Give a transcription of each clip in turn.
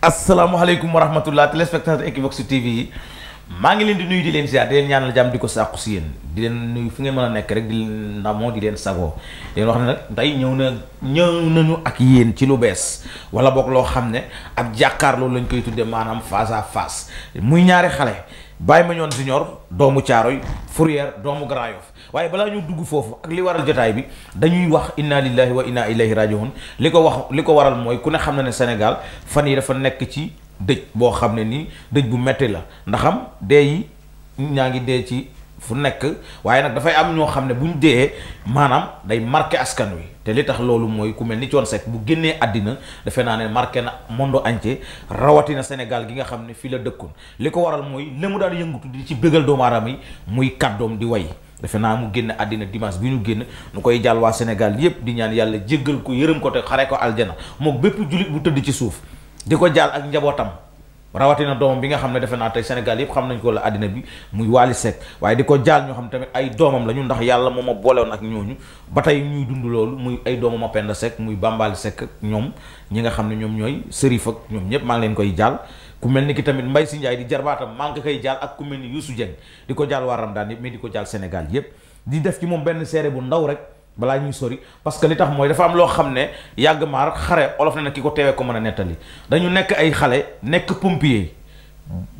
asalaamaaleykum wa rahmatullah téléspectateur Equivox TV yi maa ngi leen di nuyu di leen ziar di leen ñaanal jàmm di ko sàkku si yéen di leen nuyu fu ngeen mën a nekk rek di leen ndamoo di leen sago di leen wax na nag tey ñëw na ñëw nañu ak yéen ci lu bees wala boog loo xam ne ak ab jàkkaarloo lañ koy tudde maanaam face à face muy ñaari xale Baye Mandione Junior doomu Thiaroye Fourière doomu Grand Yoff waaye balaa ñu dugg foofu ak li waral jotaay bi dañuy wax inna lillahi wa inna ilayhi rajiun li ko wax li ko waral mooy ku ne xam na ne senegal fan yi dafa nekk ci dëj boo xam ne nii dëj bu metti la ndaxam dee yi ñaa ngi dee ci fu nekk waaye nag dafay am ñoo xam ne bu ñu dee maanaam day marqué askan wi te li tax loolu mooy ku mel ni Thione Seck bu génnee àddina defe naa ne marqué na monde entier rawatina Sénégal gi nga xam ne fii la dëkkoon li ko waral mooy li mu daan yëngatu di ci bégal doomu aadama yi muy kàddoom di way defe naa mu génn àddina dimanche bi ñu génn nu koy jàll waa Sénégal yépp di ñaan yàlla jéggal ko yërëm ko te xare ko aljana mook bépp jullit bu tëdd ci suuf di ko jàll ak njabootam rawatina doomam bi nga xam ne defe naa tey Sénégal yépp xam nañ ko la àddina bi muy Wally Seck waaye di ko jaal ñoo xam ne tamit ay doomam la ñu ndax yàlla moom a boolewoon ak ñooñu ba tey ñuy dund loolu muy ay doomam Penda Seck muy Bambali Seck ñoom ñi nga xam ne ñoom ñooy Serif ak ñoom ñëpp maa ngi leen koy jaal ku mel ni ki tamit Mbaye Sy Ndiaye di jarbaatam maa ngi koy jaal ak ku mel ni Youssou Dieng di ko jaal waa daan yëpp mais di ko jaal Sénégal yëpp di def ci moom benn seere bu ndaw rek balaa ñuy sori parce que li tax mooy dafa am loo xam ne yàgg maar xare olof na ne ki ko teewee ko mën a nettali dañu nekk ay xale nekk pompier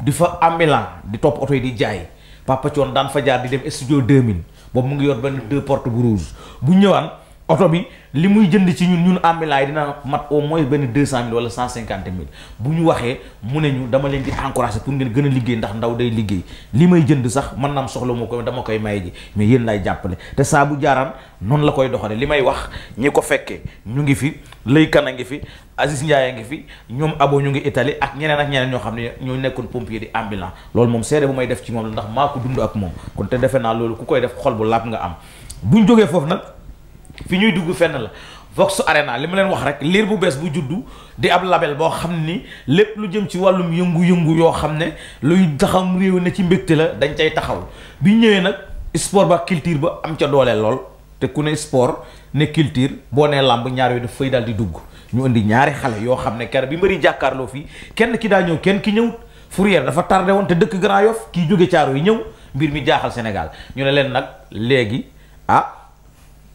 di fa ambulant di topp oto yi di jaay Papa Thione daan fa jaar di dem studio 2000 boobu mu ngi yor benn deux porte bu rouge bu ñëwaan oto bi li muy jënd ci ñun ñun ambulant yi dina mat au moins benn deux cent mille wala cent cinquante mille bu ñu waxee mu ne ñu dama leen di encouragé pour ngeen gën a liggéey ndax ndaw day liggéey li may jënd sax man naa am soxla moo ko dama koy may ji mais yéen lay jàppale te saa bu jaaraan noonu la koy doxale li may wax ñi ko fekkee ñu ngi fi Leykan a ngi fi Aziz Ndiaye a ngi fi ñoom aboo ñu ngi Italie ak ñeneen ak ñeneen ñoo xam ne ñoo nekkoon pompier di ambulant loolu moom bu may def ci moom ndax maa ko dund ak moom kon te naa loolu ku koy def xol bu laab nga am fi ñuy dugg fenn la Vox Arena li ma leen wax rek liir bu bees bu juddu di ab label boo xam ni lépp lu jëm ci wàllum yëngu-yëngu yoo xam ne luy mu réew na ci mbégte la dañ cay taxaw bi ñëwee nag sport ba culture ba am ca doole lool te ku ne sport ne culture boo nee làmb ñaar yooyu daf fay daal di dugg ñu indi ñaari xale yoo xam ne kere bi mbëri jàkkaarloo fii kenn ki daa ñëw kenn ki ñëw Fourier dafa tardé woon te dëkk Grand Yoff kii jóge caaro yi ñëw mbir mi jaaxal Sénégal ñu ne leen nag léegi ah,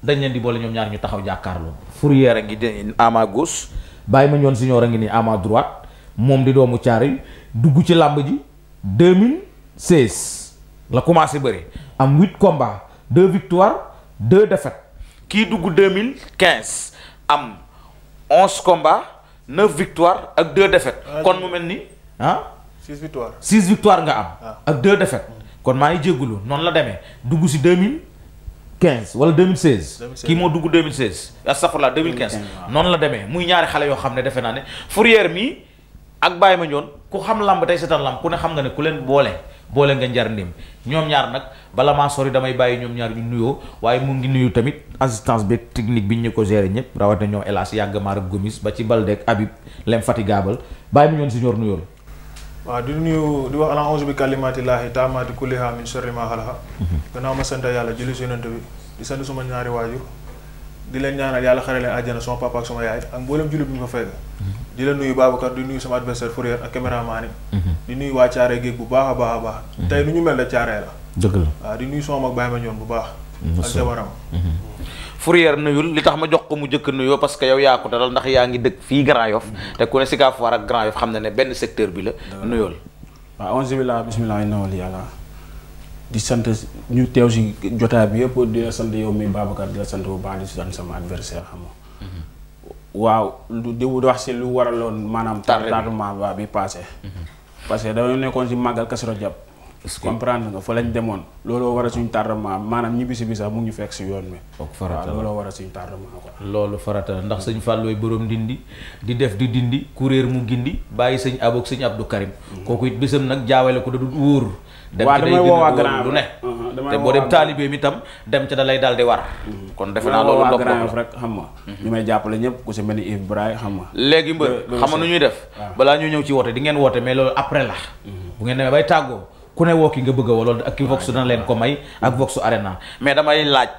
dañ leen di boole ñoom ñaar ñu taxaw jàkkaarloo. Fourière a ngi de ama gauche bàyyi ma ñoon Signor a ngi nii ama droite moom di doomu Thiaroye dugg ci làmb ji 2016 la commencé bëre am 8 combats 2 victoires 2 défaites kii dugg 2015 am 11 combats 9 victoires ak 2 défaites. kon mu mel ni ha ah? 6 victoires 6 victoires nga am. Ah. ak 2 défaites. kon maa ngi jégalu noonu la demee dugg si 2000. 15 wala 2016. 2016 kii moo dugg 2016. astafurlah 2015 noonu la demee muy ñaari xale yoo xam ne defe naa ne Fourrière mi ak Baye Mandione ku xam lamb tey seetaan lamb ku ne xam nga ne ku leen boole boole nga njar ndim ñoom ñaar nag bala maa sori damay bàyyi ñoom ñaar ñu nuyoo waaye mu ngi nuyu tamit assistance beeg technique bi ñu ko gérer ñëpp rawatina ñoom hélas yàgg maar ak Gomis ba ci Balde ak Habib lem fatigable Baye Mandione si ñor nuyoo waaw di nuyu di wax la onze bi kalimaatillaahi taamaati kullihaa min sharri maa xalaqa mhm. ma sant yàlla julli si yonent bi di sant suma ñaari waajur di leen ñaanal yàlla xare leen àjjana sama papa ak sama yaay ak mboolem jullit bi ñu fa fekk mhm. di la nuyu Babacar di nuyu sama adversaire Fourier ak caméraman yi mhm. di nuyu waa Caaree géej bu baax a baax a baax tey nu ñu mel ne Caaree la dëgg la waaw di nuyu sama mag Baye Mandione bu baax ak jabaram Fourrière nuyul li tax ma jox ko mu jëkk nuyoo parce que yow yaa ko ndax yaa ngi dëkk fii Grand Yoff te ku ne Sicap Foire ak Grand Yoff xam na ne benn secteur bi la nuyool waaw onze billah bismillah inna wali yàlla di sant ñu teew si jotaay bi yëpp di mi Babacar di la sant bu baax di sant waaw lu di wax si lu waraloon maanaam tardement ba bi passé mhm. parce que dañoo nekkoon si màggal Kazu Rajab comprendre nga fa lañ demoon looloo war a suñu tardement maanaam ñibbisi bi sax mu ngi fekk si yoon mi waaw looloo war a suñu tardement quoi loolu farata ndax sëñ Fallooy borom dindi di def di dindi kuréer mu gindi bàyyi sëñ aboog sëñ Abdou Karim mm-hmm. kooku it bésam nag jaawale ko da dul wóor dem ci day gën lu ne uh-huh, te boo dem taalibee mi tam dem ca da lay daal di war mm-hmm. kon defe naa loolu ndox ndox rek xam nga mm-hmm. ñu may jàppale ñëpp ku si mel ni Yves xam nga léegi mbër xam nga nu ñuy def balaa ñu ñëw ci woote di ngeen woote mais loolu après la ku ne woo ki nga bëgg a woo loolu ak Vox leen ko may ak Vox Arena mais damay laaj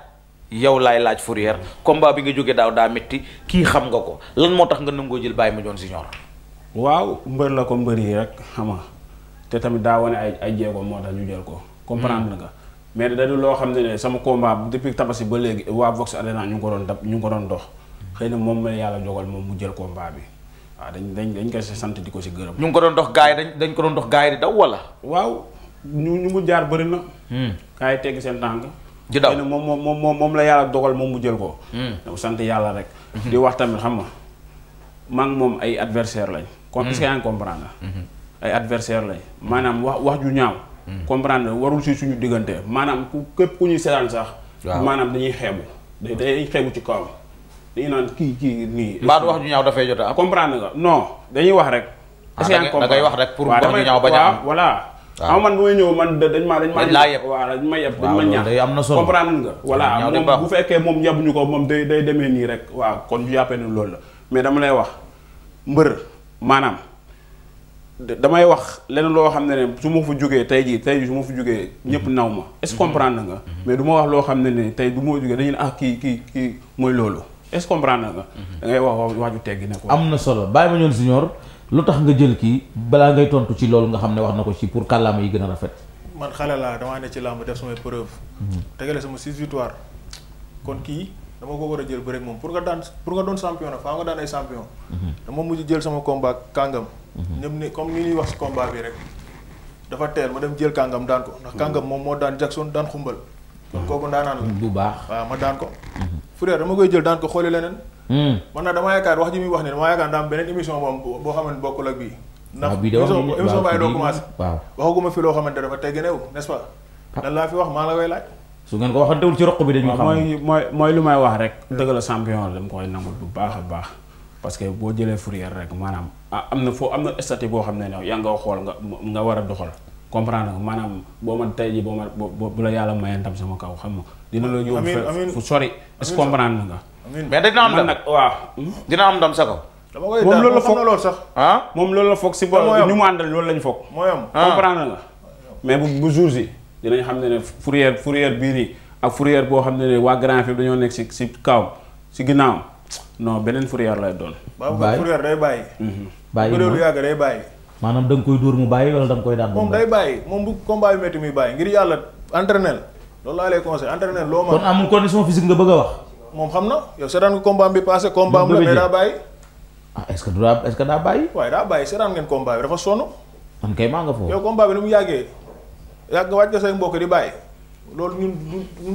yow laay laaj Fourrière combat bi nga jógee daaw daa metti kii xam nga ko lan moo tax nga nangoo jël Baye Mandione Junior waaw mbër la ko mbër yi rek xam nga te tamit daa wane ay moo tax ñu jël ko comprendre hmm. nga mais da du loo xam ne ne sama combat depuis tabaski ba léegi waa Vox Arena ñu ngi ko doon dab ñu ngi ko doon dox xëy na moom la yàlla jogal moom mu jël combat bi waaw dañ dañ dañ ko sant di ko si gërëm. ñu ngi ko doon dox gars yi dañ dañ ko doon dox gars yi di daw walla waaw ñu ñu mu jaar bëri na. Hmm. gaa yi tegg seen tànk. di daw moom moom moom moom la yàlla dogal moom mu jël ko. Hmm. sant yàlla rek. Hmm. di wax tamit xam nga maa moom ay adversaire lañ. kon est-ce que yaa ngi comprendre. ay adversaire lañ maanaam wax wax ju ñaaw. comprendre warul si suñu diggante maanaam ku képp ku ñuy seetaan sax. maanaam dañuy xeebu day day xeebu ci kawam. dañuy naan kii kii nii. mbaa wax ju ñaaw dafay jot a am. comprendre nga dañuy wax rek. est-ce que ah, wax rek pour wax ju ñaaw bañ a am voilà. waaw man bu may ñëw man dañ ma dañ ma laa yeb dañ ma yeb dañ ma ñaax am na solo comprendre nga voilà moom bu fekkee moom ñu ko moom day day demee nii rek waaw kon ñu yàppee ni loolu la mais dama lay wax mbër maanaam damay wax leneen loo xam ne ne su ma fa jógee tey jii tey jii su ma fa jógee ñëpp mhm. naw ma est-ce nga mhm. mais du ma wax loo xam ne ne tey du ma jógee dañu ne ah kii kii ki mooy loolu est-ce que nga mhm. da wax wax ju teggi ne ko am na solo bàyyi ma ñoon siñor lu tax nga jël kii balaa ngay tontu ci loolu nga xam ne wax na ko ci pour kàllaama yi gën a rafet. man xale laa damaa ne ci làmb def samay preuve. Mhm. tegale sama six victoire kon kii dama ko war a jël bëre rek moom pour nga daan pour nga doon champion nag faa nga daan ay champion. Mhm. dama mujj jël sama combat kàngam. Mhm. ñoom ni comme ni ñuy wax si combat bi rek. dafa teel ma dem jël kàngam daan ko ndax kàngam moom moo daan Jackson daan xumbal. kon kooku ndaanaan la bu baax waaw ma daan ko. frère koy jël daan ko leneen. Hmm. man nag damaa yaakaar wax ji muy wax ne damaa yaakaar daam beneen émission moom boo xam ne bokkul bii ndax émission bàyyi doo commencé waaw waxaguma fi loo xamante dafa teggenewu n'est-ce fi wax maa la koy laaj ko waxantewul ci roq bi dañu xam mooy mooy may wax rek dëgg la bu baax a baax parce que boo jëlee fourrière rek maanaam ah, am na foo am na statut boo xam ne ne yaa nga xool nga nga war a doxal comprendre nga maanaam boo ma tey ji boo ma bu la yàlla maye ndam sama kaw xam nga dina la yóbbu fa fu sori. est-ce que comprendre nga. mais dina am ndam nag dina am ndam dama koy daal moom xam sax. ah moom loolu la foog si bo mu àndal loolu lañ foog. mooy am ah. comprendre nga. mais bu bu jour si xam ne ne fourrière fourrière biir yi ak fourrière boo xam ne waa Grand dañoo nekk si si kawam si ginnaawam non beneen fourrière lay doon. bàyyi fourrière day bàyyi. Mhm. bàyyi moom bu yàgg day bàyyi. maanaam da nga koy mu bàyyi wala da nga koy daan. moom day bàyyi moom bu combat yu métti muy bàyyi ngir yàlla entraîner loolu laa lay conseil entraîneur loo mën. kon amul condition physique nga bëgg a wax. moom xam na yow seetaan nga combat bi passé combat am la mais daa bàyyi. Ah, bi dafa sonn. man kay maa nga foofu. yow combat bi ni mu yàggee yàgg nga wàcc nga say mbokk di bàyyi loolu ñun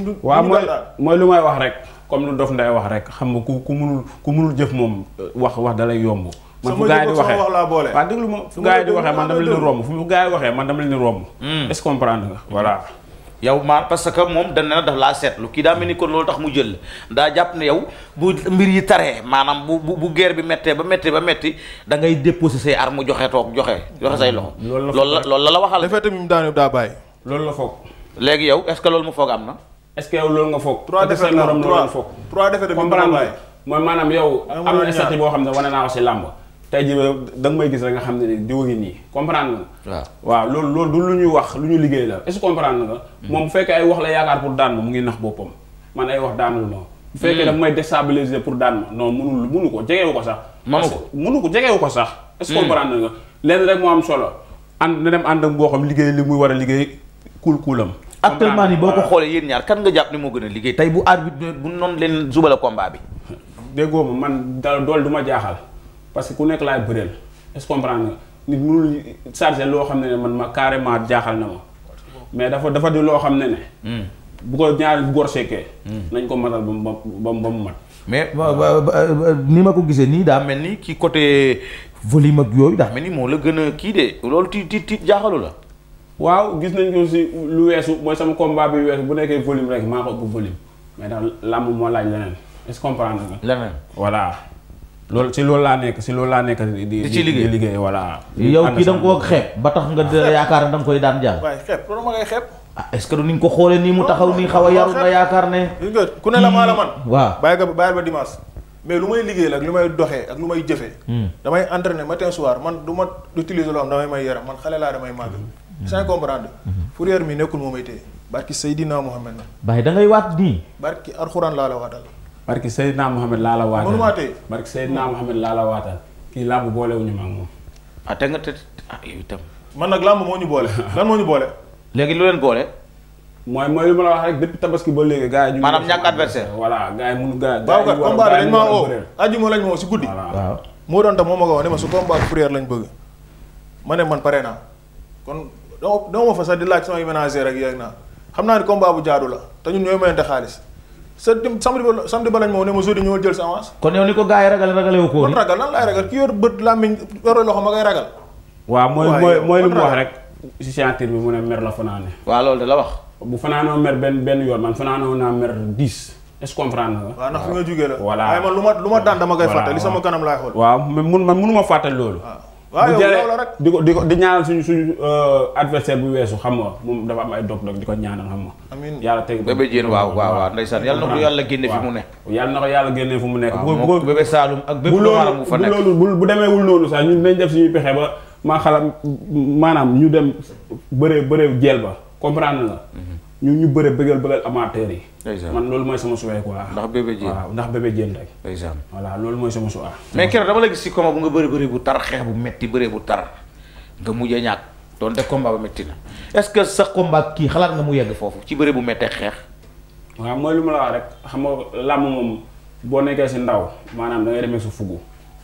du du. waaw mooy mooy lu may wax rek. comme lu Dof Ndeye wax rek xam nga ku ku munul ku munul jëf moom wax wax dalay yomb. man fu gars yi di waxee waaw déglu ma fu gars yi di waxee man dama leen di romb fu gars yi waxee man dama leen di romb. est-ce comprendre yow maar parce que moom dana na daf laa seetlu kii daa mel ni kon loolu tax mu jël daa jàpp ne yow bu mbir yi taree maanaam bu bu bu guerre bi méttee ba méttee ba métti da ngay déposer say mu joxe toog joxe joxe say loxo. loolu la loolu la la waxal. defee tamit daanaka daa bàyyi. loolu la foog. léegi yow est ce loolu mu foog am na. est ce que yow loolu nga foog. trois défaites la trois trois défaites la bi mu bàyyi. mooy maanaam yow. am na statut boo xam ne wane naa ko tey jii da may gis rek nga xam ne ni diwa ngi nii comprendre nga. waaw waaw loolu loolu lu ñuy wax lu ñu liggéey la est-ce que comprendre nga. Hmm. moom bu fekkee ay wax la yaakaar pour daan ma mu ngi nax boppam man ay wax daanul ma. bu fekkee hmm. daf may déstabiliser pour daan ma non mënul mënu ko jegewu ko sax. mënu ko mënu ko jegewu ko sax. est-ce na hmm. comprendre nga lenn rek moo am solo. ànd na dem ànd ak boo xam liggéey li muy war a liggéey kuul kuulam. actuellement nii boo ko xoolee yéen ñaar kan nga jàpp ne moo gën a liggéey tey bu arbitre bu noonu leen suba la combat bi. déggoo man dara dool du ma jaaxal parce que ku nekk laay bëreel est-ce que comprendre nga nit mënul chargé loo xam ne ne man ma carrément jaaxal na ma mais dafa dafa di loo xam ne ne hmm. bu ko ñaari gor sekkee hmm. nañ ko matal ba mu ba mu mat mais ni ma ko gisee nii daa mel ni ci côté volume ak yooyu daa mel ni moo la gën a kii de loolu tiit tiit tiit jaaxalu la waaw gis nañ ko si lu weesu mooy sama combat bi weesu bu nekkee volume rek maa ko ëpp volume mais daal làmb moo laaj leneen est-ce que comprendre leneen voilà loolu si loolu laa nekk si loolu laa nekk di di ci liggéey di yow kii da koo xeeb ba tax nga yaakaar ne da nga koy daan jàll. waay xeeb loolu ma ngay xeeb. ah est-ce ni nga ko xoolee nii mu taxaw nii xaw a yaru nga yaakaar ne. ku ne la hmm. maa la man. waaw bàyyi ko bàyyi ba dimanche. mais lu may liggéey ak lu may doxee ak lu may jëfee. Hmm. damay entraîner matin soir man du ma utiliser loo xam damay may yaram man xale laa damay màgg. Hmm. sans comprendre. fourrière mi nekkul moo may téye. barki Seydina Mohamed. Baye da ngay waat nii. barki Alxuraan laa la waatal parce que Mohamed laa la waatal mënumaa tey barki Seydina laa la waatal kii làmb boolewuñu ma moom. Ah, ah, man nag làmb moo ñu boole lan moo ñu boole. léegi lu leen boole. mooy mooy li ma la wax ba léegi gars ajjuma lañ ma woo si guddi. waaw moo doon tam moo ma ko wax ne ma su combat prière bëgg. ma ne man pare naa kon doo doo ma fa sax di laaj samay ménager ak yeeg naa xam naa ne combat bu jaadu la te ñun ñooy mayante xaalis sa samedi ba samedi ba lañ ma ne ma jour ñëwal jël sa avance. kon yow ni ko gars yi ragal ragale wu ko. ragal lan laay ragal ki yor bët làmmiñ yor loxo ma koy ragal. waaw mooy mooy mooy lu mu wax rek. si signature bi la fanaane. waaw loolu de la wax. bu fanaanoo mer benn benn yoon man fanaanoo naa mer dix. est-ce comprendre nga. waaw ndax fi nga jugee la. voilà waaye man lu ma lu ma daan dama koy fàtte li sama kanam laay xool. waaw man man mënuma fàtte loolu. Ah. bu jëlee di ko di ko di ñaanal suñu suñu euh, adversaire bu weesu xam nga moom dafa am ay dog-dog di ko ñaanam xam nga. amiin yàlla teg bébé jéen waaw waaw waaw ndeysaan yàlla na yàlla génne fi mu na ko yàlla génne fi mu nekk. bu ko bu bébé ak bébé Lomaram bu fa nekk bu loolu bu demee wul noonu sax ñun dinañ def suñuy pexe ba maa xalaat maanaam ñu dem bëree bëree jeel ba comprendre nga. Mhm. ñu ñu bëree bëggal bëggal amateur yi man loolu mooy sama suwee quoi. ndax bébé jéen waaw ndax bébé rek. ndeysaan loolu mooy sama suwaa. mais keroog dama la gis si combat bu nga bëri bëri bu tar xeex bu metti bëree bu tar nga mujj a ñàkk donte combat ba metti na est-ce que sa combat kii xalaat nga mu yegg foofu ci bëri bu mettee xeex. waaw mooy lu ma la wax rek xam nga làmm moom boo nekkee si ndaw maanaam da demee su fugu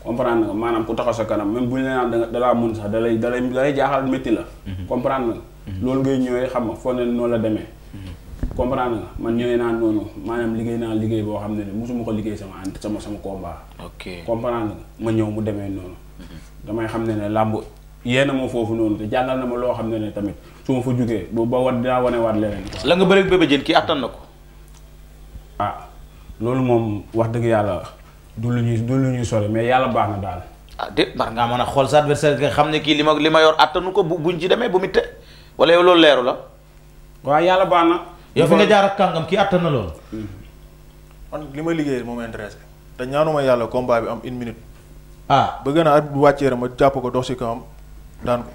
comprendre nga maanaam ku taxaw sa kanam même bu ñu la dalaa da sax da lay da lay jaaxal la. Mhm. comprendre nga. Mhm. loolu ngay ñëwee xam nga foo ne noonu la demee mhm. comprendre nga man ñëwee naa noonu maanaam liggéey naa liggéey boo xam ne ni musuma ko liggéey sama ant sama sama combat. ok comprendre nga ma ñëw mu demee noonu. Mhm. damay xam ne ne làmb yéena ma foofu noonu te jàllal na ma loo xam ne ne tamit su ma fa jugee ba ba war dinaa wane waat leneen. la nga bëreeg Bébé Diène kii àttan na ko. ah loolu moom wax dëgg yàlla du lu ñuy du lu ñuy sori mais yàlla baax na daal. ah déet war ngaa mën a xool sa adversaire nga xam ne kii li ma li ma yor attanu ko bu buñ ci demee bu mitte wala yow leeru la. yow fi nga jaar ak kàngam kii àttan na loolu. Mm-hmm. man li ma liggéey moom ma intéressé te ñaanuma yàlla combat bi am une minute. ah bëgg naa at bu wàccee ma jàpp ko dox si kawam daan ko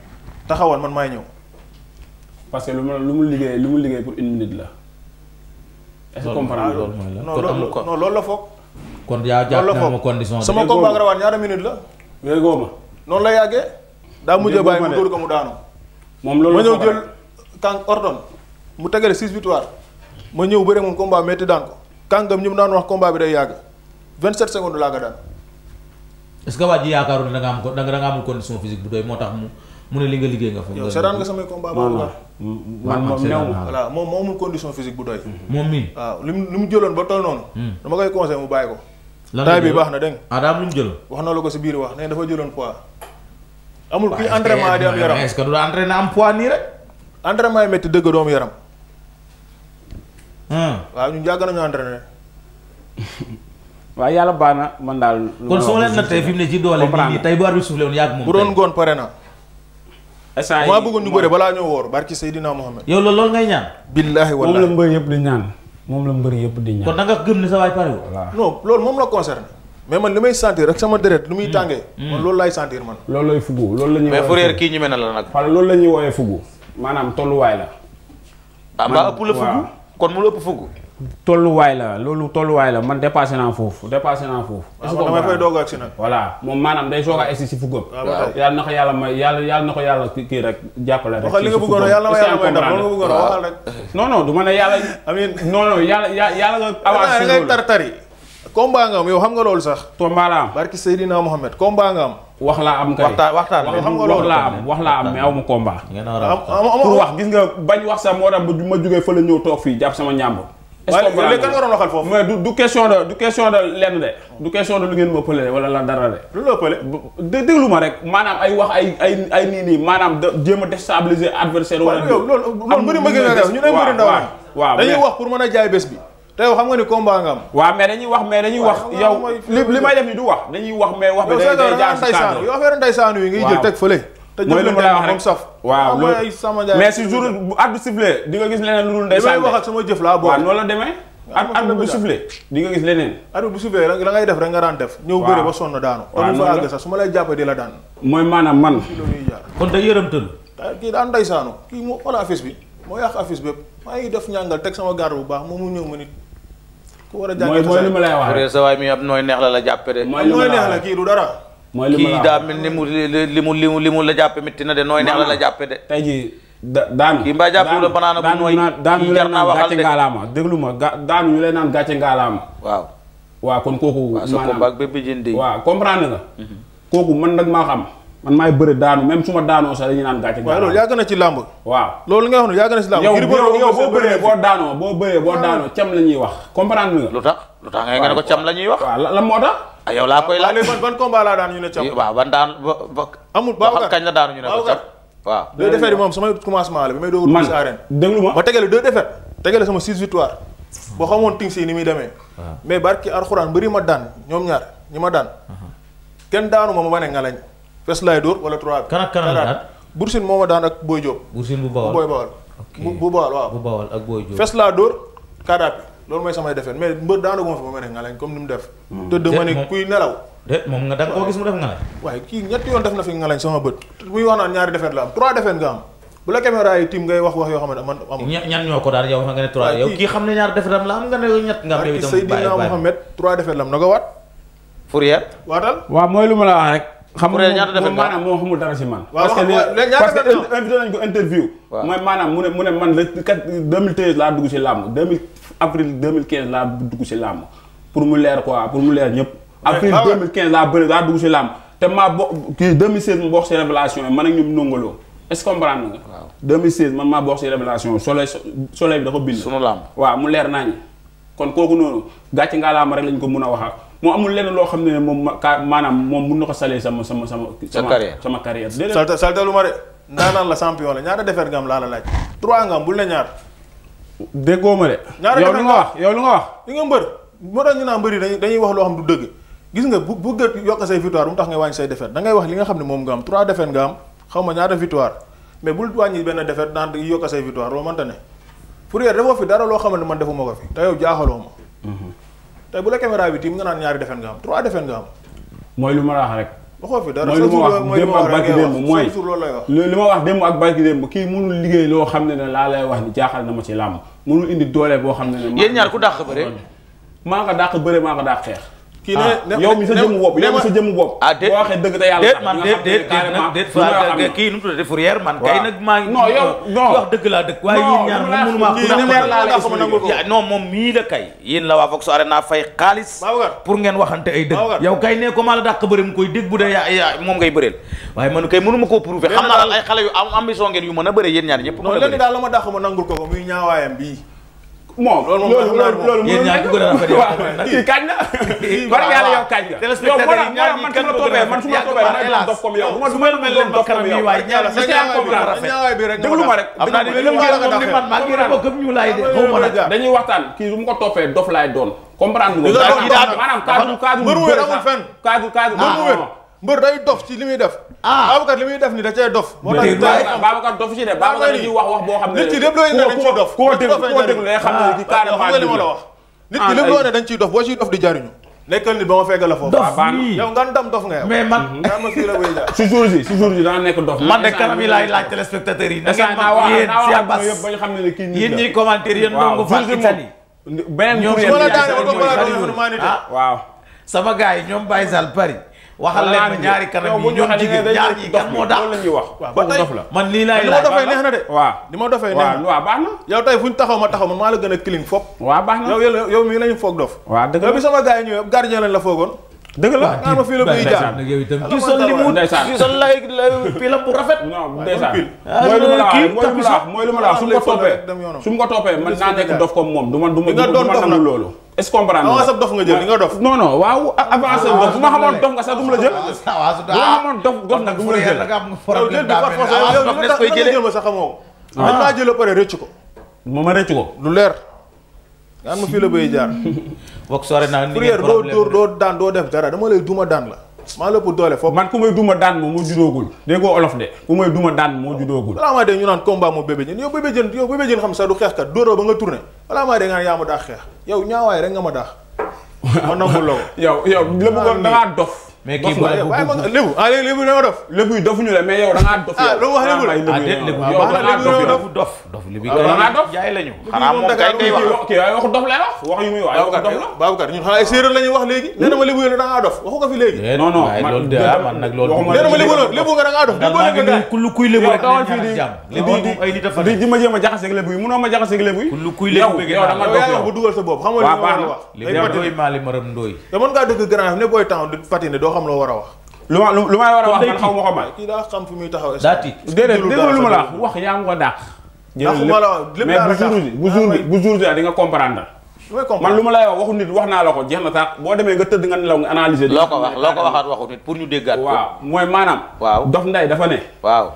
taxawal man maay ñëw. parce que lu ma lu mu liggéey lu mu liggéey pour une minute la. est-ce la kon non loolu la foog. kon yaa jàpp na ma condition sama combat ak rawaat ñaata minute la. yooyu góob noonu la yàggee. daa mujjee bàyyi mu dóor ko mu daanu. moom loolu la ma ordon. mu tegale six victoire ma ñëw bëre moom combat métti daan ko kàngam ñi mu daan wax combat bi day yàgg 27 secondes laa ko daan. est-ce que waa ji yaakaaroon da nga am condition physique bu doy moo tax mu li nga liggéey nga fa. yow seetaan nga moom moo amul condition physique bu doy. Mm-hmm. moom mii waaw li mu li mu jëloon ba toll noonu. Mm. dama koy conseillé mu bàyyi ko. lan taay bi baax na dégg nga. am lu mu jël wax na la ko si biir wax ne dafa jëloon poids. amul kuy entraînement di am yaram est-ce que du entraîné am poids nii rek. entraînement yi métti dëgg doomu yaram Hmm. waaw ñun yàgg nañu entraîné. waaw yàlla baax na man daal. lu kon soo leen nattee fi mu ne ci doole. comprendre tey bu arbitre soufflé woon yàgg moom. bu doon ngoon pare na. instant maa bëggoon ñu bëre balaa ñoo woor barki Seydina Mohamed. yow loolu loolu ngay ñaan. billaahi wallaahi moom la mbër yëpp di ñaan. moom la mbër yëpp di ñaan. kon da nga gëm ne sa waay pare loolu moom la concerné. mais man li may sentir rek sama deret lu muy hmm. tàngee. Hmm. man loolu laay sentir man. loolu lay fugu loolu la ñuy. mais Fourrière kii ñu na la nag. wala loolu la ñuy wooyee maanaam tolluwaay la. ah ba ëpp la fugu kon mu ëpp fukk. tolluwaay la loolu tolluwaay la man dépassé naa foofu dépassé naa foofu. est-ce ah, que damay fay doog agsi nag. voilà moom maanaam day soog a agsi si fukkam. Ah, yàlla na ko yàlla may yàlla kii rek jàppale rek. waxal li nga bëggoon yàlla may yàlla may ndax loolu nga bëggoon waxal rek. non non du ma ne yàlla. amiin non non yàlla yàlla nga. avancé loolu nga am yow xam nga loolu sax. combat barki Seydina Mohamed combat nga am. wax laa am. kay waxtaan waxtaan nga loolu laa am wax laa am mais aw ma combat. pour wax gis nga bañ wax sax moo tax ba ma jógee fële ñëw toog fii jàpp sama ñàmb. est-ce que waaye léegi kan waroon waxal foofu. mais du du question de lenn de. du question de lu ngeen ma pële wala la dara de. lu la pële déglu ma rek maanaam ay wax ay ay ay nii nii maanaam da jéem a déstabiliser adversaire wala. loolu loolu mbëri mbëri nga def ñu ne mbëri ndaw waaw dañuy wax pour mën a jaay bés bi te yow xam nga ni combat nga am. waaw mais dañuy wax mais dañuy wax. yow li may def ni du wax. dañuy wax mais wax bi dañuy day jaar si kàddu. yow affaire ndeysaanu yi ngay jël teg fële. te jël lu wax rek saf. waaw loolu mais si jour bu at bu sifflé di nga gis leneen lu dul ndeysaan. li may wax ak sama jëf laa boobu. waaw noonu la demee. at at bu sifflé di nga gis leneen. at bu sifflé la ngay def rek nga daan def. ñëw bëre ba sonn daanu. waaw noonu la te sax su ma lay jàppee di la daan. mooy maanaam man. kon day yërëmtal. kii daan ndeysaanu kii moo xool affiche bi moo yàq affiche bépp maa ngi def ñàngal teg sama garde bu baax moom mu ñëw ma nit war a mooy li ma la wax rek sa waay mi la la jàppe de. kii du dara. mooy li ma la wax kii mel ni mu li mu li li mu la jàppe métti na de nooy neex la la jàppe de. tey jii da daanu. kii mbaa jàppe la banaana bu nooy kii jar naa waxal de daanu ñu lay naan gàcce ngaalaama déglu ma ga daanu ñu lay naan gàcce waaw. waaw kon kooku. maanaam waaw sa combat ak bébé jëndee. Mhm. kooku man nag maa xam man maay bëre daanu même su ma daanoo sax dañuy naan gàcce. waaw loolu yàgg na ci làmb. waaw loolu nga xam ne yàgg na ci làmb. yow boo bëree boo daanoo boo bëree boo daanoo cam la wax comprendre nga. lu tax lu tax nga ne ko cam la wax. waaw moo tax. ah yow laa koy laaj. léegi ban ban combat laa daan ñu ne cam. waaw ban daan ba ba. amul baaw kan kañ la daanu ñu ne ko cam. waaw deux défaites yi a. man déglu ma ma tegale deux défaites tegale victoire boo xamoon ting si ni muy demee ah. mais barki alxuraan bëri ma daan ñoom ñaar ñi ma daan ah. kenn daanu ma ma wane nga lañ fes laay dóor wala trois bi. kan ak kan la daan Boursine moo ma daan ak Boy Diop. Boursine bu Bawal bu Boy Bawal. bu Bawal waaw bu Bawal ak Boy Diop. fes laa dóor kaadaat bi loolu mooy samay defeen mais mbër daanaka ma fi ma ne nga lañ comme ni mu def. Hmm. te dama ne kuy nelaw. de moom nga da nga koo gis mu def nga lañ. waaye kii ñetti yoon def na fi nga lañ sama bët muy wax naan ñaari defeen la am trois defeen nga am. bu la caméra yi tim ngay wax wax yoo xam ne man amul. ñan ñoo ko daal yow nga ne trois yow kii xam ne ñaar defet am la am nga ne ñett nga am. yow itam Seydina Mohamed trois defet la am na ko waat. Fourier waatal. waaw mooy lu ma la wax rek xam nga moom maanaam moo xamul dara si man. parce que interview. mooy maanaam mu ne man la kat 2013 laa dugg si làmb 2000 avril 2015 laa dugg si làmb pour mu leer quoi pour mu leer ñëpp. avril 2015 laa bëri laa dugg si làmb te maa bokk kii 2016 mu bokk si révélation yi man ak ñoom nongaloo est ce que comprendre nga. waaw 2016 man maa bokk si révélation soleil soleil bi dafa bind. sunu làmb waaw mu leer naa ñu kon kooku noonu gàcce ngaa làmb rek lañ ko mun a wax moom amul lenn loo xam ne moom maanaam moom mun na ko salee sama sama sama. sa carrière sama carrière. déedéet salta saltalu la champion la ñaata defar nga am laa la laaj. trois nga am bul ne ñaar. déggoo ma de. ñaar yow lu nga wax yow lu nga wax. li nga mbër wax loo xam dëgg gis nga bu bu gët yokk say victoire bu mu tax nga wàññi say défaite da ngay wax li nga xam ne moom nga am trois défaite nga am xaw ma ñaata victoire mais bul wàññi benn défaite naan yokk say victoire loolu mënta ne Fourrière defoo fi dara loo xam ne man defuma ko fi te yow jaaxaloo ma tey bu la caméra bi tiim nga naan ñaari defen nga am trois defen nga am. mooy lu ma wax rek. mooy lu ma wax démb ak barki démb mooy li kii mënul liggéey loo xam ne ne laa lay wax ni jaaxal na ma ci làmb mënul indi doole boo xam ne ne. yéen ñaar ku dàq bëre. maa nga dàq bëre maa nga dàq xeex kii ne ah, yow mi sa jëm bopp ah déet boo waxee dëgg te yàlla sax man déet déet déet kii nu man kay nag maa ngi. non laa dëgg. waaye yéen ñaar moom mënu maa ko dàq non moom mii la kay yéen la waa Vox Arena fay xaalis pour ngeen waxante ay dëgg yow kay ne ko maa la dàq bëri mu koy dégg bu dee moom ngay bëreel waaye man kay mënu ma koo prouver xam naa daal ay xale yu am ambition ngeen yu mën a bëre yéen ñaar ñëpp non lenn daal la ma dàq ma nangul ko ko muy ñaawaayam bii moom loolu loolu loolu yéen ñaa ko gën a rafetlu kii kañ na war yàlla yow kañ nga yow moo tax man su ma toobee man su ma toobee man dof comme yow bu ma su ma mel leen dof comme yow waay ñaala sa yaa comprendre rafet bi rek déglu ma rek am naa ne lëm ngeen moom ni man maa ngi ko gëm ñu laay de xaw ma nag dañuy waxtaan kii su mu ko toppee dof laay doon comprendre nga maanaam kaddu kaddu kaddu kaddu mbër day dof ci li muy def. ah Babacar li muy def ni da cee dof. moo tax Babacar dof ci de Babacar dañuy wax wax boo xam ne. nit ci lépp looy ne dañ ciy dof. koo déglu koo déglu day xam ne ah, ci carrément ah, li ma la wax. nit ci ah, lépp loo ne dañ ciy dof boo ciy dof di jariñu. nekkal nit ba ma fekk la foofu. dof bi yow nga dam dof nga yow. mais man nga ma fii la bay jaar. si jour si si jour si dana nekk dof. man de kanam yi laay laaj téléspectateurs yi. na ngeen ma yéen si abbas yéen ñiy commentaire yéen ndongo Fall Italie. beneen ñoom yéen ñaar waaw sama gars yi ñoom Baye Sall Paris waxal leen ma ñaari kanam yi ñoom jigéen ñaar ñi kan moo daax loolu la man lii laay laaj dofee ma dofee neex na waaw baax na yow tey ma taxaw man maa la gën a clean fop waaw baax na dof waaw dëgg la bi sama gars yi ñëwee gardien lañ la foogoon dëgg la nga la buy jaar kii sol li mu rafet ndeysaan mooy lu ma la wax mooy lu ma la wax su ma ko toppee su ma ko toppee man naa nekk dof comme moom du ma du ma nangu loolu est-ce que nga. waaw dof nga jël li nga dof. non non waaw avancé wu bu ma xamoon dof nga sax du ma la jël. bu ma xamoon dof dof nag du ma la jël. problème daa mel ne avance dof jël ma sax xamoo ko. waaw dañ maa jël ba pare rëcc ko. moom a rëcc ko. lu leer. daan ma fii la bay jaar. wax sore doo doo daan doo def dara dama lay duma daan la. maa la ëpp doole foofu man ku may duma daan moom moo judoogul déggoo olof de ku may duma daan moo judoogul balaa maa dee ñu naan combat moo bébé jën yow bébé jën yow bébé jën xam sax du xeexkat dóoroo ba nga tourné balaa maa dee nga yaa ma daax xeex yow ñaawaay rek nga ma daax ma nangul la ko yow yow la bëggoon dangaa dof mais kii bu waaye man lébu ah léegi lébu dama dof lébu dofuñu la mais yow da ngaa dof ah loolu wax lébu la ah déet lébu yow da ngaa dof yow dof dof lébu ah, kay da ngaa dof jaay lañu xanaa moom kay ngay wax kii waaye waxu dof lay wax wax yu muy wax waxu dof la Babacar ñun xanaa ay séeréer la ñuy wax léegi nee na ma lébu yow da ngaa dof waxu ko fi léegi eh, non non loolu de ah, man nag loolu nee na ma lébu la lébu nga da ngaa dof lébu nga da ku lu kuy lébu rek dawal fii di lébu ay nit dafa di ma jéem a jaxase ak lébu yi munoo ma jaxase ak lébu yi ku lu kuy lébu bëgg yow da nga dof yow bu dugal sa bopp xam nga li ma wax li ma doy ma li ma rëm ndoy da mën ngaa dëkk grand ne boy temps di patiner xam loo war a wax. ma lu may a ma ko may. kii daa xam fu muy taxaw. daa tiit déedéet déggoo la wax yaa ngi ko ma lay wax waxu nit naa la ko jeex na sax boo demee nga tëdd nga nelaw nga analyser. loo ko wax loo ko waxaat waxu nit pour ñu déggaat ko. waaw mooy maanaam. waaw dof nday dafa ne. waaw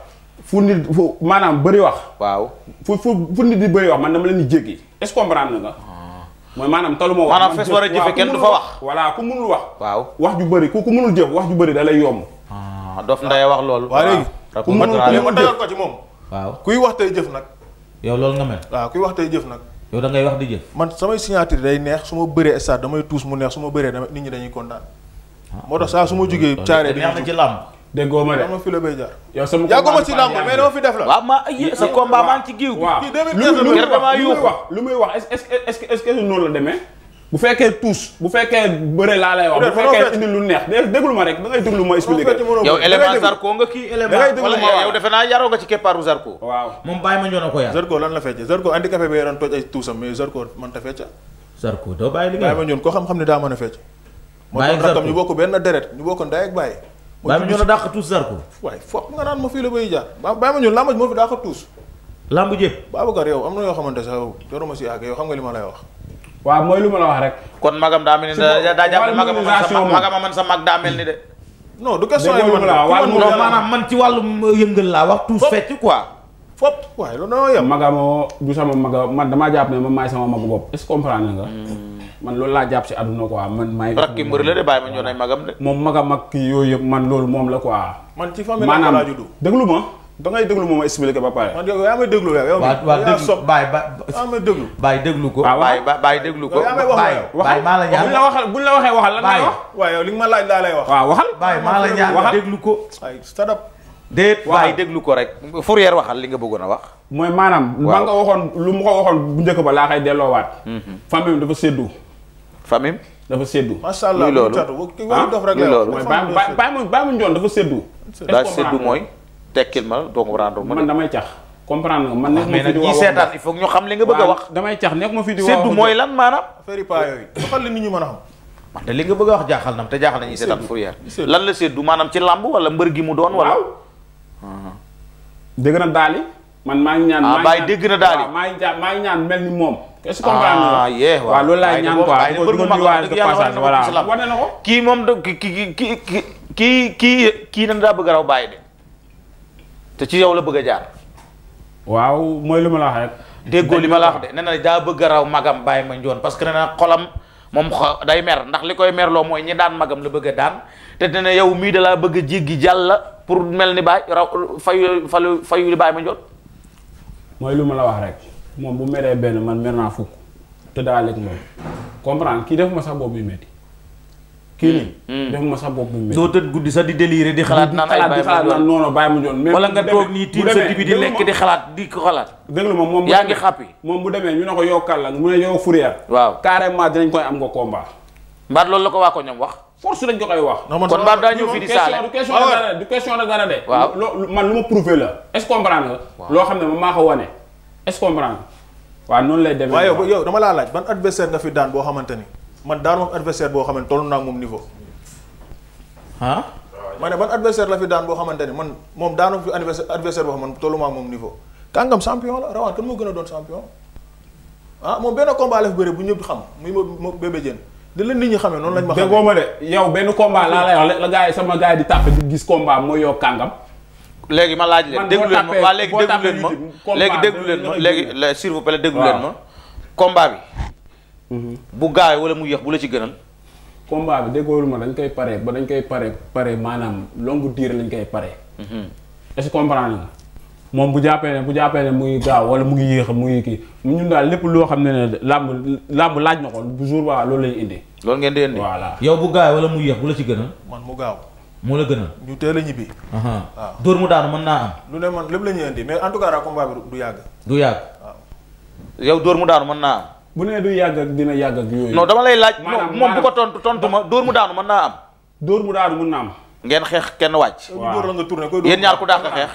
fu nit fu maanaam bëri wax. waaw fu fu fu nit di bëri wax man dama leen di jéggi est-ce nga mooy maanaam taluma wax maanaam fees war a jëfe kenn du fa wax voilà ku mënul wax waaw wax ju bëri ku ku mënul jëf wax ju bëri da lay yomb ah, dof ndaye wax loolu waaw léegi ku mënul ma tegal ko ci moom kuy wax tey jëf nag yow loolu nga mel waaw kuy wax tey jëf nag yow da ngay wax di jëf man samay signature day neex su ma bëree stade damay tuus mu neex su ma bëree nit ñi dañuy kontaan ah, moo tax saa su ma jógee caaree neex na ci déggoo ma de dama fi la bay jaar. yow sama combat ma bu fekkee tuus bu fekkee bëre laa lay wax. bu fekkee indi ko yar. Zarko lan la fecce Zarko andi café bi doon toj ay ta fecca. Zarko ma ñoon ko xam-xam ne daa mën a fecc. bàyyi Zarko moo ñu bokk benn deret ñu bokk ndaay ak bàyyi bàyyi ma ñu na dàq tuus Zarko. waaye foog nga naan ma fii la bay jaar bàyyi ma ñu làmb moo fi dàq tuus. làmb jépp. Babacar yow am na yoo xamante sax jaruma si àgg yow xam nga li ma lay wax. waaw mooy lu la wax rek. kon magam daa mel ni daa jàpp magam a man sa mag daa mel ni de. non du question yi man laa wax tuus fecc quoi. fop waaye loolu dañoo yem maga moo du sama maga man damaa jàpp ne man maay sama magu bopp est-ce que comprendre nga hmm. man loolu laa jàpp si àdduna quoi man maay rakki mbër la de bàyyi ma ñoo nay magam de moom magam ak yooyu yëpp man loolu moom la laa juddu déglu ma da ngay déglu moom expliqué ba pare. man yow yaa may déglu yow. waaw waaw déglu bàyyi ba yaa may déglu. bàyyi ko. Ah, waaw bàyyi bàyyi déglu ko. bàyyi maa la ñaan buñ la waxal la waxee waxal lan lay wax. waaw yow li nga ma laaj laa lay wax. waaw waxal bàyyi maa la ñaan déglu ko. ay sadap. déet waaye déglu ko rek Fourier waxal li nga bëggoon a wax mooy maanaam ma nga waxoon lu mu ko waxoon bu njëkk ba laa koy delloowaat mhm. famille dafa séddu famille dafa séddu macha allah loolu ah? dof rek loolu mooy baa mu baa mu njoon dafa séddu daa séddu mooy tekkil ma donc rendre ma man damay cax comprendre nga man nekk ah, ma fi di wax seetaan il faut ñu ma fi di mooy lan maanaam affaire pa yooyu waxal li man de li nga bëgg a wax jaaxal nam te jaaxal nañu seetaan Fourier lan la séddu maanaam ci làmb wala mbër gi mu doon wala Uh-huh. dégg na daali man maa ngi ñaan ah, dégg na daal maa ngi ñaan maa ngi ñaan mel ni moom. est-ce que comprendre ah, nga waaw loolu laay ñaan quoi bu kii moom da kii ki kii kii kii nan daa bëgg a raw Baye de te ci yow la bëgg a jaar. waaw mooy li ma la wax rek. déggoo li ma la wax de nee na daa bëgg a raw magam Baye ma njoon parce que nee xolam moom day mer ndax li koy merloo mooy ñi daan magam la bëgg a daan. te dina yow mii da laa bëgg a jéggi jàll pour mel ni baay raw fay fayu fayu li baay ma lu ma la wax rek moom bu meree benn man mer naa fukk te daa lekk kii def ma sax boobu kii hmm, nii. Hmm. def ma sax boobu yu metti. doo tëdd guddi sax di délire di xalaat naan ay baay nga toog nii tiim sa lekk di xalaat di ko xalaat. moom yaa ngi xàppi. moom bu demee ñu ne ko yow kàlla mu ne yow fourrière. waaw carrément dinañ koy am nga combat. mbaat loolu la ko waa ko ñoom wax force lañ ko koy wax. kon Mbab daa ñëw fii di saale du question ah du question nag nga ne. waaw loo man lu ma prouvé la est-ce que comprendre nga. loo xam ne moom maa ko wane est-ce que comprendre nga. waaw noonu lay demee. waaw yow yow dama laa laaj ban adversaire nga fi daan boo xamante ni man daan moom adversaire boo xamante toll naa moom niveau. ah. ma ne ban adversaire la fi daan boo xamante ni man moom daanu fi adversaire adversaire boo xamante tollu maa moom niveau. kàngam champion la rawaan kan moo gën a doon champion ah moom benn combat la fi bëre bu ñëpp xam muy ma ma Bébé Diène di la nit ñi xamee noonu lañ ma xamee. déggoo ma de yow benn combat laa lay wax la gars yi sama gars yi di tàppe di gis combat mooy yow kàngam. léegi ma laaj leen déglu leen ma waaw léegi déglu leen ma léegi leen ma léegi s'il vous plaît déglu leen ma. combat bi. Mhm. bu gaawee wala mu yéex bu la ci gënal. combat bi déggoo ma dañ koy pare ba dañ koy pare pare maanaam longue durée lañ koy pare. Mhm. est-ce que moom bu jàppee ne bu jàppee ne muy gaaw wala mu ngi yéex mu ngi kii ñun daal lépp loo xam ne ne làmb làmb laaj na ko bu jour waa loolu lay indi. loolu ngeen di indi voilà. yow bu gaaw wala mu yéex la ci gën a. mu gaaw. moo la gën ñu teel a ñibbi. waaw dóor mu daanu mën naa lu ne man lépp la ñuy indi mais en tout cas daal combat bi du yàgg. du yàgg. yow dóor mu daanu mën naa am. bu nee du yàgg ak dina yàgg ak yooyu. non dama lay laaj. maanaam moom bu ko tontu tontu ma dóor mu daanu mën naa am. dóor mu daanu mën naa am. ngeen xeex kenn wàcc. waaw la nga tourné koy yéen ñaar ku dàq xeex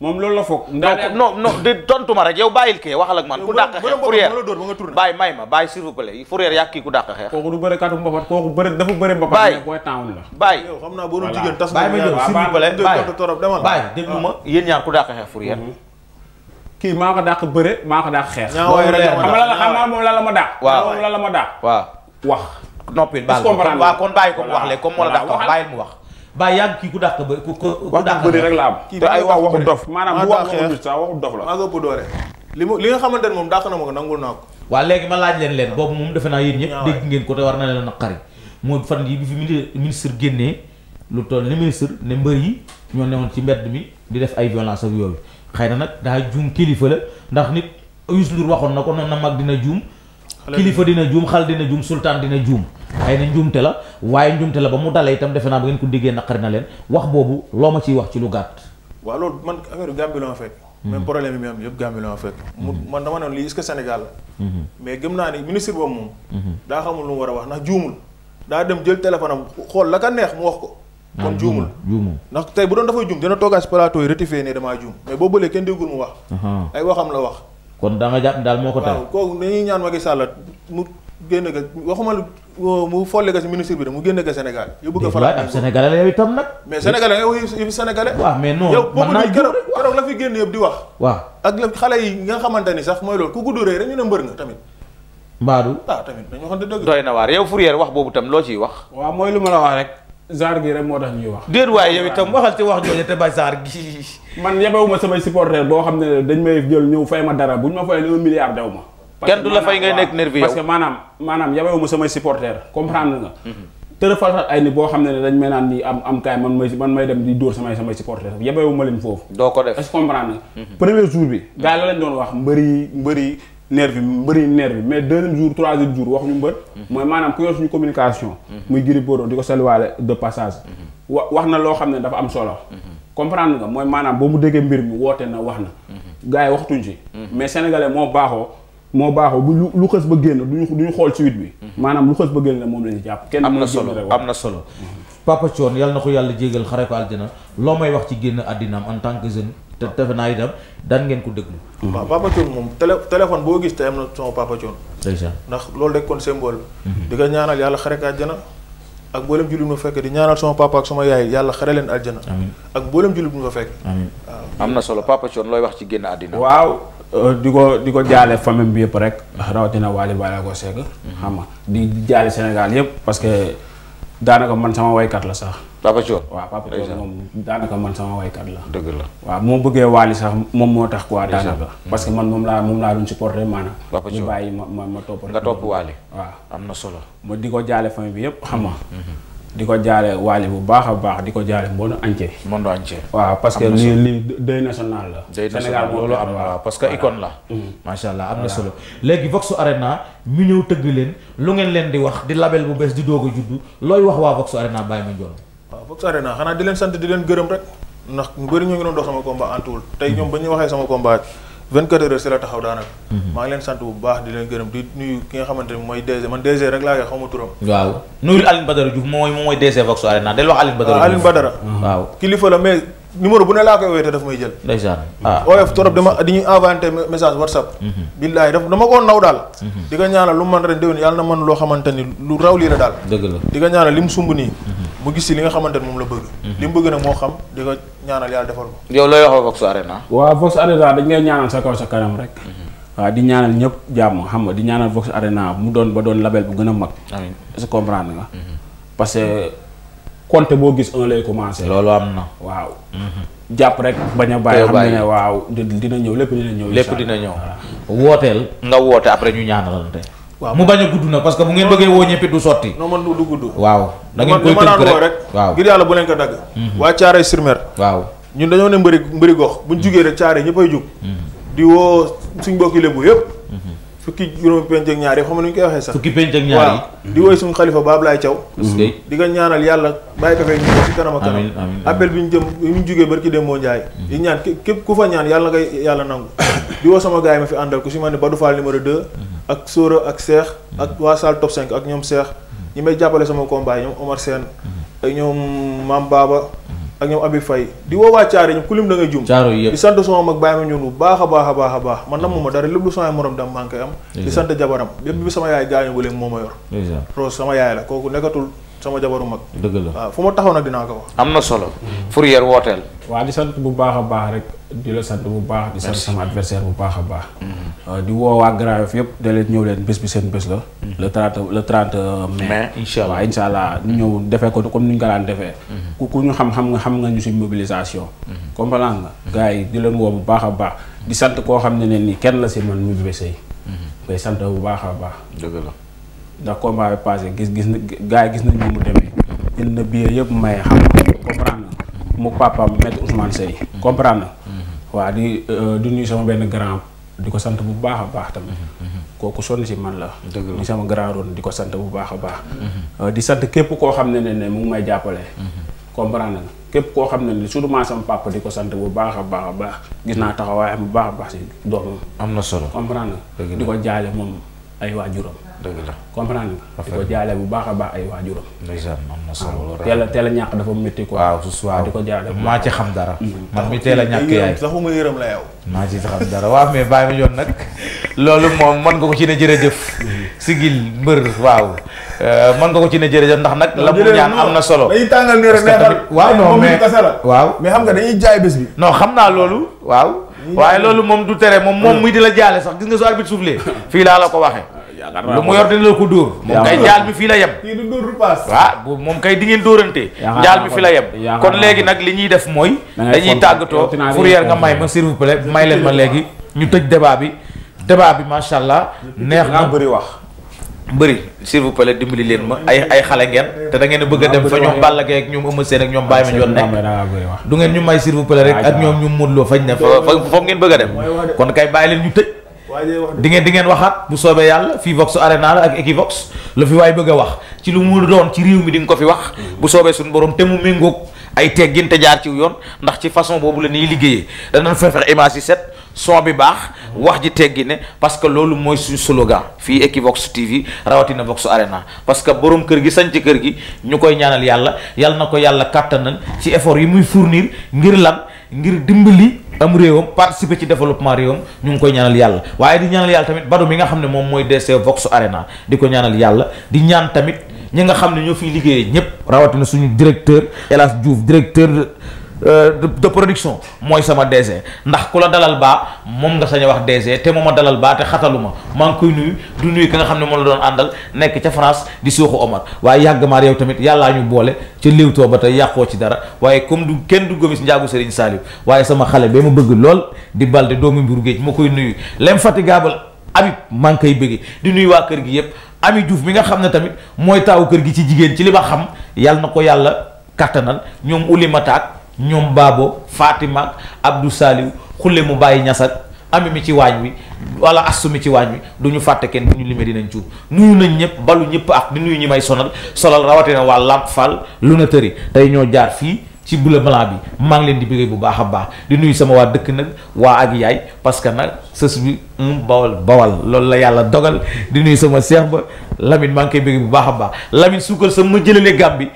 moom loolu la foog. ndax non non de tontu ma rek yow bàyyil kee waxal ak man. ku dàq xeex fourrière bàyyi may ma bàyyi s'il vous plaît fourrière yaa kii ku dàq xeex. kooku du bëre katu mbapat kooku bëre dafa bëre mbapat. bàyyi booy taawun la bàyyi. yow ma ñëw s'il vous plaît bàyyi bàyyi déglu ma yéen ñaar ku dàq xeex fourrière. Mm-hmm. kii maa ko dàq bëre la la ma dàq. waaw la la ma dàq. waaw wax. noppi baal ko waaw kon bàyyi ko wax léegi comme moo la dàq wax bàyyil mu wax baa yàgg kii ku dàq ba ku ku dàq bëri rek la am te ay wax waxu dof maanaam bu wax nit sax dof la maa nga ëpp li mu li nga xamante ne moom dàq na ma ko nangul naa ko waa léegi ma laaj leen leen boobu moom defe naa yéen ñëpp dégg ngeen ko te war na leen a xari moo fan yi bi fi ministre génnee lu toll ni ministre ne mbër yi ñoo newoon ci mbedd mi di def ay violence ak yooyu xëy na nag daa juum kilifa la ndax nit Youssou Ndour waxoon na ko noonu na mag dina juum kilifa dina juum xal dina juum sultaan dina juum ay na njuumte la waaye njuumte la ba mu dalee itam defe naa ba ngeen ko diggee naqari na leen wax boobu loo ma ciy wax ci lu gàtt waaw loolu man affaire Gambie la ma fekk hmm. même problème yi mu am yëpp Gambie la ma fekk mu hmm. man dama ne lii est-ce que Sénégal la hmm. mais gëm naa ni ministre boobu moom daa xamul lu mu war a wax ndax juumul daa dem jël téléphone xool la ka neex mu wax ko ah, kon juumul juumul ndax tey bu doon dafay juum dina toogaa si plateau yi rectifier ne damaa juum mais boo bëlee kenn déggul mu wax ay la wax kon da nga jàpp ni daal moo ko. waaw kooku dañuy ñaan Macky Sall mu génne ko waxuma mu folle ko si ministre bi de mu génne ko Sénégal. yow bëgg a faral ab sénégalais itam nag. mais sénégalais nga yow sénégalais. waaw mais non yow boobu nii la fi génn yëpp di wax. waaw ak la xale yi nga xamante ni sax mooy loolu ku gudd rëy rek ñu ne mbër nga tamit. mbaadu ah tamit dañoo xam ne doy na waar yow Fourier wax boobu tam loo ciy wax. waaw mooy lu ma la wax rek genre gi rek moo tax ñuy wax. déet waaye yow itam waxal ci wax jooju te ba genre gi. man yabewuma samay supporter boo xam ne dañ may jël ñëw fay ma dara bu ñu ma fayee un milliard daw ma. kenn du la fay ngay nekk nerveux yow parce que maanaam maanaam yabewuma samay supporter comprendre nga. tërëfal ay nit boo xam ne dañ may naan ni am am kaay man may man may dem di dóor samay samay supporter yabewuma leen foofu. doo ko def est-ce que mhm. premier jour bi. gars yi la lañ doon wax mbëri mbëri. nervi mbëri nervi mais deuxième jour troisième jour wax ñu mbër mhm. mooy maanaam ku yor suñu communication mhm. muy Gris Bordeaux di ko saluwaale de passage mhm. wa wax na loo xam ne dafa am solo comprend nga mooy maanaam ba mu déggee mbir mi woote na wax na gars yi waxtuñ ci mais sénégalais moo baaxoo moo baaxoo bu lu xës ba génn duñu duñu xool suite bi maanaam lu xës ba génn la moom la ñu jàpp kenn am na solo am na solo Papa Thione yàlla na ko yàlla jégal xare ko àddina loo may wax ci génn àddinaam en tant que jeune te defe naa itam daan ngeen ko déglu. waaw Papa Thion moom télé téléphone boo gis te am na sama Papa Thion. ndeysaan ndax loolu rek kon symbole. Mhm. di ko ak mboolem jullit mu fekk di ñaanal sama papa ak sama yaay yàlla xare leen àjjana. amiin ak mboolem jullit mu fekk. amiin waaw am na solo Papa Thion looy wax ci génn àddina. waaw. Euh, di ko di ko jaalee famille bi yëpp rek rawatina Wally Ballago Seck mhm. xam nga di jaale Sénégal yëpp parce que. daanaka man sama waykat la sax. Papa Thion waaw Papa Thion moom daanaka man sama waykat la. dëgg la waaw moo bëggee waali sax moom moo tax quoi. daanaka parce que man moom laa moom laa doon supporté maanaam. Papa Thion ñu bàyyi ma ma ma topp. nga topp waali. waaw am na solo. ma di ko jaale famille bi yëpp xam nga. Mm-hmm. di ko jaare waali bu baax a baax di ko jaale monde entier. monde entier. waaw parce que lii lii deuil national la. Sénégal loolu am waaw parce que icône la. Mm. macha allah am na solo léegi Vox Arena mu ñëw tëgg leen lu ngeen leen di wax di label bu bees di doog a juddu looy wax waa Vox Arena bàyyi ma njoon. waaw Vox Arena xanaa di leen sant di leen gërëm rek ndax ñu bëri ñoo ngi doon dox sama combat antuwul tey ñoom ba ñu waxee sama combat. 24 heures si la taxaw daanaka. Mhm. maa ngi leen sant bu baax di leen gërëm di nuyu ki nga xamante ni mooy DG man DG rek laa koy xaw ma turam. waaw nuyu Alioune Badara Diouf moom mooy moom mooy DG Vox Arena del wax Alioune Badara. waaw Alioune kilifa la mais. numéro bu ne laa koy woowee te daf may jël. ndeysaan ah, ah oyof trop dama di ñu inventé message whatsapp. Mhm. billaay daf dama koo naw daal. Mhm. di ko ñaanal lu man ren déwén yàlla na mën loo xamante ni lu raw lii la daal. dëgg la di ko ñaanal lim sumb nii. Mhm. mu gis si li nga xamante ni moom la bëgg. li mu bëgg nag moo xam di ko ñaanal yàlla defal ko. yow looy wax Vox Arena. waaw Vox Arena dañ lay ñaanal sa kaw sa kanam rek. waaw di ñaanal ñëpp jàmm xam nga di ñaanal Vox Arena mu doon ba doon label bu gën a compte boo gis un lay commencé. loolu am na waaw. jàpp rek bañ a bàyyi xam ne waaw dina ñëw lépp dina ñëw. lépp dina ñëw wooteel. nga woote après ñu ñaanalante. waaw mu bañ gudd na parce que bu ngeen bëggee woo ñëpp du sotti. noo man du gudd. waaw da ngeen koy tënk rek waaw ngir yàlla bu leen ko dagg. Mhm. waa Caaroy sur waaw ñun dañoo ne mbëri mbëri gox buñ jugee rek Caaroy ñëppay jug. Mhm. di woo suñ mbokki lébu yëpp. fukki juróom penc ak ñaar yi xam nga ñu koy waxee sax fukki penc ak ñaar yi di woy suñu xalifa ba Ablaye Thiaw mm-hmm. di nga ñaanal yàlla bàyyi ko fay ñu ci kanam ak kanam appel bi ñu jëm bi ñu jógee barki dem moo njaay di ñaan képp ku fa ñaan yàlla ngay yàlla nangu di woo sama gaay ma fi àndal ku si mel ni Badou Fall numéro 2 mm-hmm. ak Sora ak Cheikh mm-hmm. ak waa Sall top 5 ak ñoom seex ñi may jàppale sama combat yi ñoom Omar Sène ak ñoom Mame Baba ak ñoom Abi Faye di woo waa Caaro ñoom ku lim da ngay jum di sant sama mag bàyyi ma ñun bu baax a baax a baax a baax man namm ma dara lépp lu sama morom dam maa ngi am di sant jabaram lépp bi sama yaay gaañu ba léegi moo ma yor Rose sama yaay la kooku nekkatul sama jabaru mag. dëgg la waaw fu ma taxoon nag dinaa ko am na solo. Fourrière wooteel. waaw di sant bu baax a baax rek di la sant bu baax. di sant sama adversaire bu baax a baax. Mm-hmm. di woo waa Grand Yoff yëpp da leen ñëw leen bés bi seen bés la. Mm-hmm. le trente le trente mai. incha allah incha allah ñu ñëw defee ko comme ni ñu ko daan defee. Mm-hmm. ku ku ñu xam xam nga xam nga ñu suñ mobilisation. comprendre nga. gars yi di leen woo bu baax a baax. di sant koo xam ne ne nii kenn la si man muy bésay. ngay sant bu baax a baax. dëgg la. ndax combat bi passé gis gis na gars gis nañ ni mu demee jënd na billet yëpp maye xam comprendre mu papaam maître Ousmane Seye comprendre na mm-hmm. waa di euh, du nuyu sama benn grand di ko sant bu baax a baax tamit mm-hmm. Mm-hmm. kooku sonn si man la di sama grand ron di ko sant bu baax a baax euh, di sant képp koo xam ne ne ne mu ngi may jàppale comprendre na képp koo xam ne ni surtout sama papa di ko sant bu baax a baax a baax gis naa taxawaayam bu baax a baax si doomam am na solo comprendre di ko jaale moom ay waajuram dëgg la comprendre nga. di ko jaale bu baax a baax ay waajuram. ndeysaan am na solo teel a teel dafa métti quoi. waaw su ko jaale maa ci xam dara. Mm. man mi teel a ñàkk yaay saxuma yërëm la yow. maa ci xam dara waaw mais bàyyi loolu moom mën nga ko ci ne jërëjëf. Mm-hmm. sigil mbër waaw. Euh, mën nga ko ci ne jërëjëf ndax nag. la mu ñaan am na solo dañuy tàngal nii rek neexal waaw non mais waaw mais xam nga dañuy jaay bés bi. non xam naa loolu waaw. waaye loolu moom du tere moom moom muy di la jaale sax gis nga su arbitre soufflé fii laa la ko waxee yaakaar naa lu mu yor ko dóor. moom kay jaal bi fii la yem. kii moom kay di ngeen dóorante. jaal bi fii la yem. kon léegi nag li ñuy def mooy. dañuy tàggatoo Fourrière nga may ma s'il vous plaît may leen ma léegi. ñu tëj débat bi débat bi macha allah. neex na bëri wax. bëri s'il vous plaît leen ma ay ay xale ngeen te da a bëgg a dem fa ñoom Balla Gaye ak ñoom Eumeu Sène ak ñoom Baye ma ñoon nekk du ngeen ñu may s'il vous rek ak ñoom ñu Modou Lo fañ fa fa ngeen bëgg a dem kon kay bàyyi leen di ngeen di ngeen waxaat bu soobee yàlla fii Vox Arena la ak Equivox la fi waay bëgg a wax ci lu mu doon ci réew mi di nga ko fi wax mm. bu soobee suñ borom te mu méngoog ay teggin te jaar ci yoon ndax ci façon boobu la ñuy liggéeyee danañ fexe image yi set son bi baax mm. wax ji teggi ne parce que loolu mooy suñu slogan fii Equivox TV rawatina Vox Arena parce que borom kër gi sañ ci kër gi ñu koy ñaanal yàlla yàlla na ko yàlla kàttanal ci effort yi muy fournir ngir lan ngir dimbali. am réewam participer ci développement réewam ñu ngi koy ñaanal yàlla waaye di ñaanal yàlla tamit badu mi nga xam ne moom mooy DC Vox Arena di ko ñaanal yàlla di ñaan tamit ñi nga xam ne ñoo fiy liggéeyee ñëpp rawatina suñu directeur El Hadj Diouf directeur Euh, de production mooy sama DG ndax ku la dalal baa moom nga sañ a wax DG te moom mooma dalal baa te xataluma maa ngi koy nuyu du nuyu ki nga xam ne moom la doon àndal nekk ca France di sooxu Omar waaye yàgg maa yow tamit yàllaa ñu boole ca Leewtoo ba te yàqoo ci dara waaye comme du kenn du gomis njaagu Serigne Saliou waaye sama xale bee ma bëgg lool di balde doomu mburu géej moo koy nuyu l'infatigable Habib maa ngi koy bëggee di nuyu waa kër gi yépp Ami Diouf mi nga xam ne tamit mooy taawu kër gi ci jigéen ci li xam yàlla na ko yàlla kattanal ñoom uli ñoom baaboo Baabo Fatima Abdou Saliw xulle mu bàyyi ñasat ami mi ci waañ wi wala assu mi ci waañ wi du ñu fàtte kenn bu ñu limee dinañ cuub nuyu nañ ñëpp balu ñëpp ak di nuyu ñi may sonal solal rawatina waa Lamp Fall lu na tëri tey ñoo jaar fii ci bula blanc bi maa ngi leen di bëggee bu baax a baax di nuyu sama waa dëkk nag waa ak yaay parce que nag sës bi mu loolu la yàlla dogal di nuyu sama seex ba Lamine maa ngi koy bëggee bu baax a baax Lamine suukal sa ma jëlalee gàm bi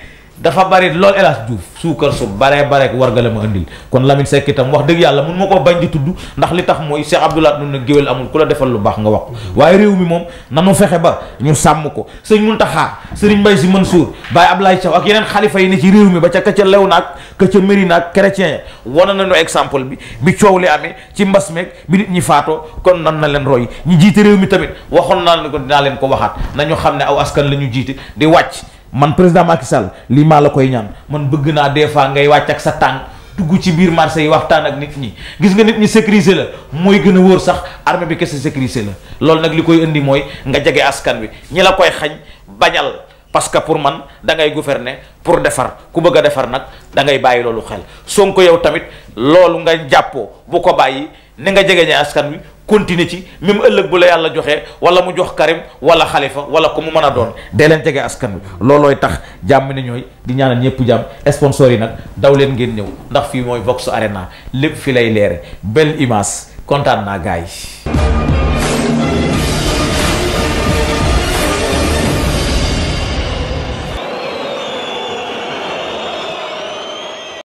dafa bari lool El Hadj Diouf suukar su baree bare war nga la ma andil kon Lamine Seck itam wax dëgg yàlla mun ma koo bañ di tudd ndax li tax mooy Cheikh Abdoulaye nun na géwél amul ku la defal lu baax nga wax waaye réew mi moom nanu fexe ba ñu sàmm ko sëñ mun Muntaxa sëriñ Mbay Si Mansuur Baay Ablaay Caw ak yeneen xalifa yi ne ci réew mi ba ca ka ca lew naag ka ca méri naag chrétien na nañu exemple bi bi coow li amee ci mbas meeg bi nit ñi faatoo kon nan na leen roy ñi jiite réew mi tamit waxoon naa leen ko dinaa leen ko waxaat nañu xam ne aw askan la ñu jiite di wàcc man président Macky Sall lii maa la koy ñaan man bëgg naa des fois ngay wàcc ak sa tànk dugg ci biir marché yi waxtaan ak nit ñi gis nga nit ñi sécuriser la mooy gën a wóor sax armée bi kese sécuriser la loolu nag li koy indi mooy nga jege askan wi ñi la koy xañ bañal parce que pour man dangay ngay gouverner pour defar ku bëgg a defar nag dangay bàyyi loolu xel Sonko yow tamit loolu nga jàppoo bu ko bàyyi ni nga jege ñi askan wi continuer ci même ëllëg bu la yàlla joxe wala mu jox Karim wala xalifa wala ku mu mën a doon dee leen jege askan wi loolooy tax jàmm ne ñooy di ñaanal ñëpp jàmm esponsor yi nag daw leen ngeen ñëw ndax fii mooy Vox Arena lépp fi lay leere belle image kontaan naa gars yi